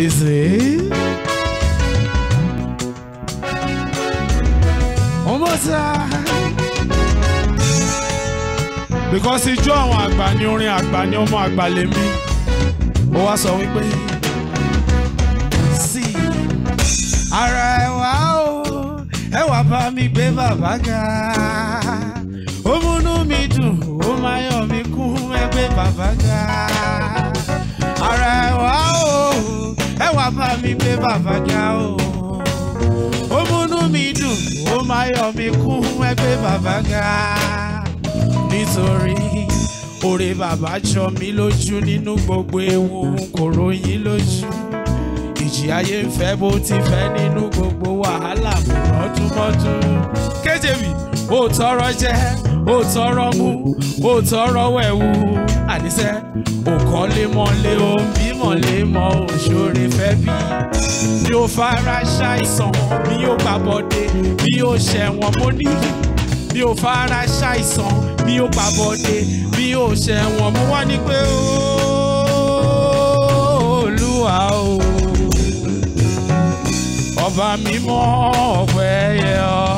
Is it? Omosa. Because ijó àwọn àgbà ni orin àgbà ni ọmọ àgbà lèmi. Ó wá sọ wípé sí ara ẹwà o ẹwà bá mi gbé bàbá ga. torí pé bàbá ga o. ó múnú mi dùn ó máa yọ̀ mí kún ẹgbẹ́ bàbá ga nítorí oore bàbá jọ mí lójú nínú gbogbo ewu kò ròyìn lójú ìjì ayé ń fẹ́ bó ti fẹ́ nínú gbogbo wàhálà mọ̀túnmọ́tún. kéjèmí ó tọrọ jẹ ó tọrọ mu ó tọrọ wẹ̀wù àníṣe òkànlémọ́lé omi bí ó fara ṣàìsàn bí ó gbàbọ̀dé bí ó ṣẹ̀wọ̀n mo ní bí ó fara ṣàìsàn bí ó gbàbọ̀dé bí ó ṣẹ̀wọ̀n mo wá ní pé olúwa o ọba mímọ́ ọ̀pẹ yẹ ọ́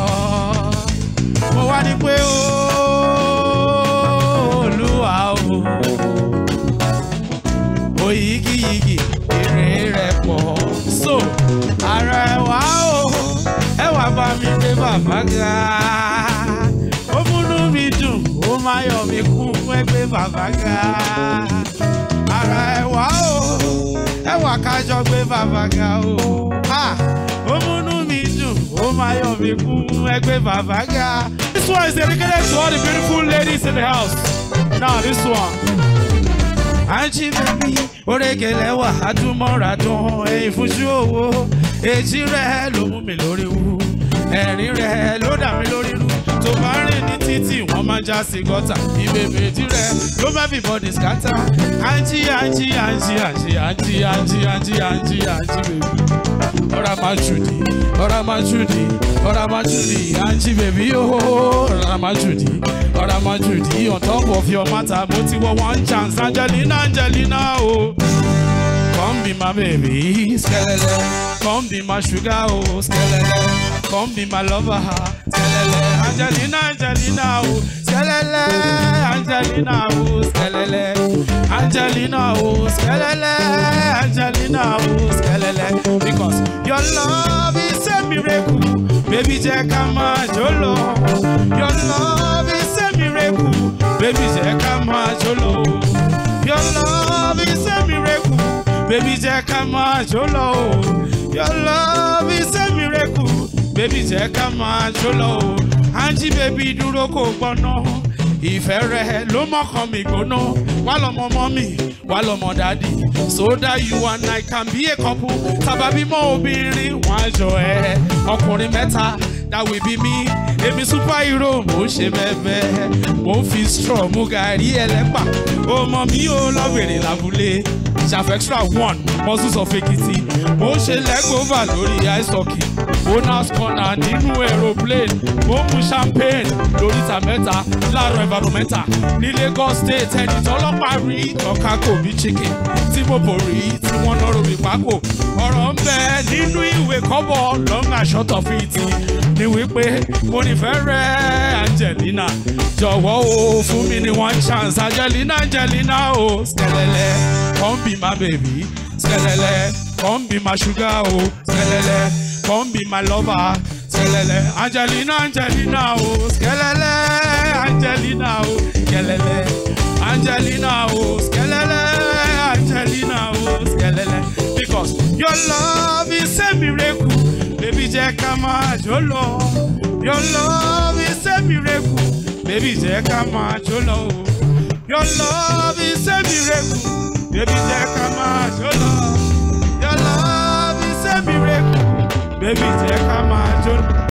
mo wá ní pé o. bàbá ga mi dùn ó máa yọ̀ mí kún fún ẹgbẹ́ bàbá ara ẹwà o ẹwà kájọ gbé bàbá o ó mi dùn ó máa yọ̀ mí kún fún ẹgbẹ́ bàbá This one is dedicated to all the beautiful ladies in the house. Now this one àǹtí bẹ́bí orékelẹ̀ wà á ẹ̀yìn fún sí owó èjì rẹ̀ ló mú mi lórí wú ẹ̀rín rẹ̀ ló dà mí lórí rú tó bá rìn ní títì wọ́n máa já sí gọ́tà ìbè méjì rẹ̀ ló má fi bọ́dì skátà àǹtí àǹtí àǹtí àǹtí àǹtí àǹtí àǹtí àǹtí àǹtí bèbí ọ̀rá máa ṣùdì ọ̀rá máa ṣùdì ọ̀rá máa ṣùdì àǹtí bèbí oh, oh, oh. ọ̀rá máa ṣùdì ọ̀rá máa ṣùdì on top of your matter mo ti wọ one chance Angelina Angelina o. Oh. Come be my baby, skelele. Come be my sugar, oh, skelele come be my lover. Selele, Angelina, Angelina, oh. Selele, Angelina, oh. Selele, Angelina, oh. Selele, Angelina, oh. Selele. Because your love is a miracle. Baby, jẹ́ ká máa jó lọ. Your love is a miracle. Baby, jẹ́ ká máa jó lọ. Your love is a miracle. Baby, jẹ́ ká máa jó Your love is a miracle bébí tẹ́ ká máa jó lọ o àǹtí bébí dúró kò gbọ́ná ìfẹ́ rẹ ló mọ̀kàn mi gbóná wà lọ́mọ mọ́mì wà lọ́mọ dádì so that you and I can be a couple tàbábímọ obìnrin wọn àjọ ẹ ọkùnrin mẹ́ta that will be me èmi super hero mo ṣe bẹ́ẹ̀ mo fi straw mo gàrí ẹlẹ́pà ọmọ mi ò lọ́bìnrin lábúlé ṣàfẹ́xtra one muscles of Ekiti mo ń ṣe lẹ́gbọ́và lórí ice hockey bonus corner nínú aeroplane mo ń mu champagne lóríta mẹ́ta láàárọ̀ environmental ní Lagos state ẹni tọ́lọ́pàá rí ọ̀ka kò bí chicken tí mo bò rí tí wọ́n náà ròbí pákó ọ̀rọ̀ ń bẹ nínú ìwé kọ́bọ̀ long and short of it ni wípé mo nífẹ̀ẹ́ rẹ̀. Angelina jọ̀wọ́ o fún mi ní one chance Angelina Angelina o skelele come be my baby skelele come be my sugar o skelele come be my lover skelele Angelina Angelina o skelele Angelina o skelele Angelina o skelele Angelina o skelele because your love is a miracle baby jẹ́ ká máa jọ lọ. Your love is a miracle, baby, take a match, your love. Your love is a miracle, baby, take a match, oh no. Your love is a miracle, baby, take a match.